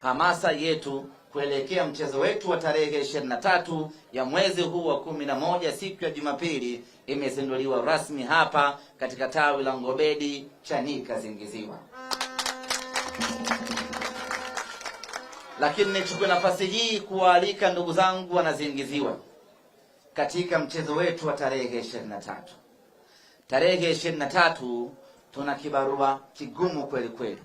hamasa yetu kuelekea mchezo wetu wa tarehe 23 ya mwezi huu wa kumi na moja siku ya Jumapili imezinduliwa rasmi hapa katika tawi la Ngobedi Chanika Zingiziwa. Lakini nichukue nafasi hii kuwaalika ndugu zangu wanazingiziwa katika mchezo wetu wa tarehe 23. Tarehe 23 tuna kibarua kigumu kweli kweli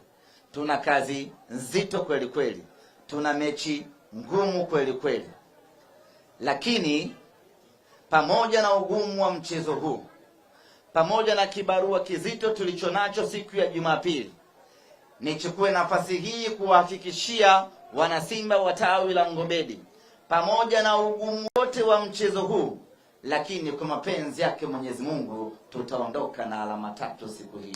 tuna kazi nzito kweli kweli, tuna mechi ngumu kweli kweli, lakini pamoja na ugumu wa mchezo huu, pamoja na kibarua kizito tulicho nacho siku ya Jumapili, nichukue nafasi hii kuwahakikishia wanasimba wa tawi la Ngobedi, pamoja na ugumu wote wa mchezo huu lakini kwa mapenzi yake Mwenyezi Mungu tutaondoka na alama tatu siku hii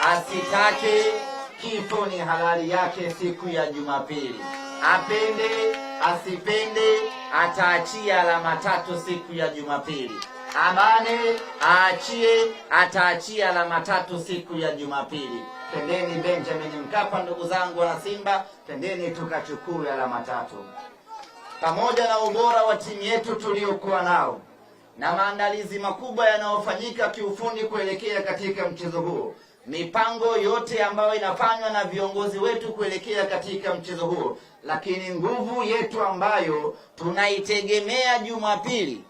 asitake kifo ni halali yake siku ya Jumapili, apende asipende, ataachia alama tatu siku ya Jumapili. Abane aachie, ataachia alama tatu siku ya Jumapili. Pendeni Benjamin Mkapa, ndugu zangu wana Simba, pendeni tukachukue alama tatu, pamoja na ubora wa timu yetu tuliokuwa nao na maandalizi makubwa yanayofanyika kiufundi kuelekea katika mchezo huo mipango yote ambayo inafanywa na viongozi wetu kuelekea katika mchezo huo, lakini nguvu yetu ambayo tunaitegemea Jumapili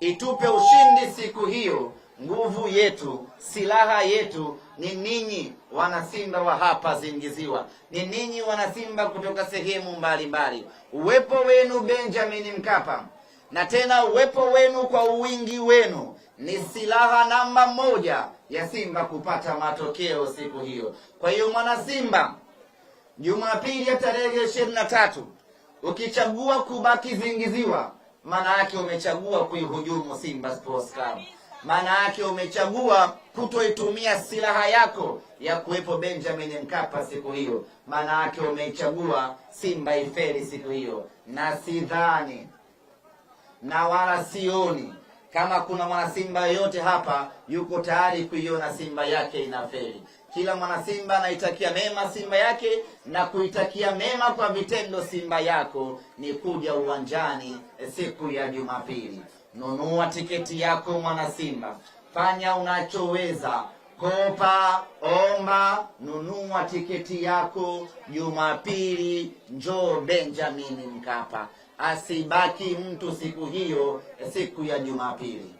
itupe ushindi siku hiyo. Nguvu yetu, silaha yetu ni ninyi wanasimba wa hapa Zingiziwa, ni ninyi wanasimba kutoka sehemu mbalimbali. Uwepo wenu Benjamin Mkapa na tena uwepo wenu kwa uwingi wenu ni silaha namba moja ya Simba kupata matokeo siku hiyo. Kwa hiyo mwana Simba, Jumapili ya tarehe ishirini na tatu ukichagua kubaki zingiziwa, maana yake umechagua kuihujumu Simba Sports Club, maana yake umechagua kutoitumia silaha yako ya kuwepo Benjamin Mkapa siku hiyo, maana yake umechagua Simba iferi siku hiyo, na sidhani na wala sioni kama kuna mwanasimba yoyote hapa yuko tayari kuiona simba yake inafeli, kila mwanasimba anaitakia mema simba yake, na kuitakia mema kwa vitendo simba yako ni kuja uwanjani eh, siku ya Jumapili. Nunua tiketi yako mwanasimba, fanya unachoweza kopa, omba, nunua tiketi yako Jumapili, njoo Benjamin Mkapa. Asibaki mtu siku hiyo, siku ya Jumapili.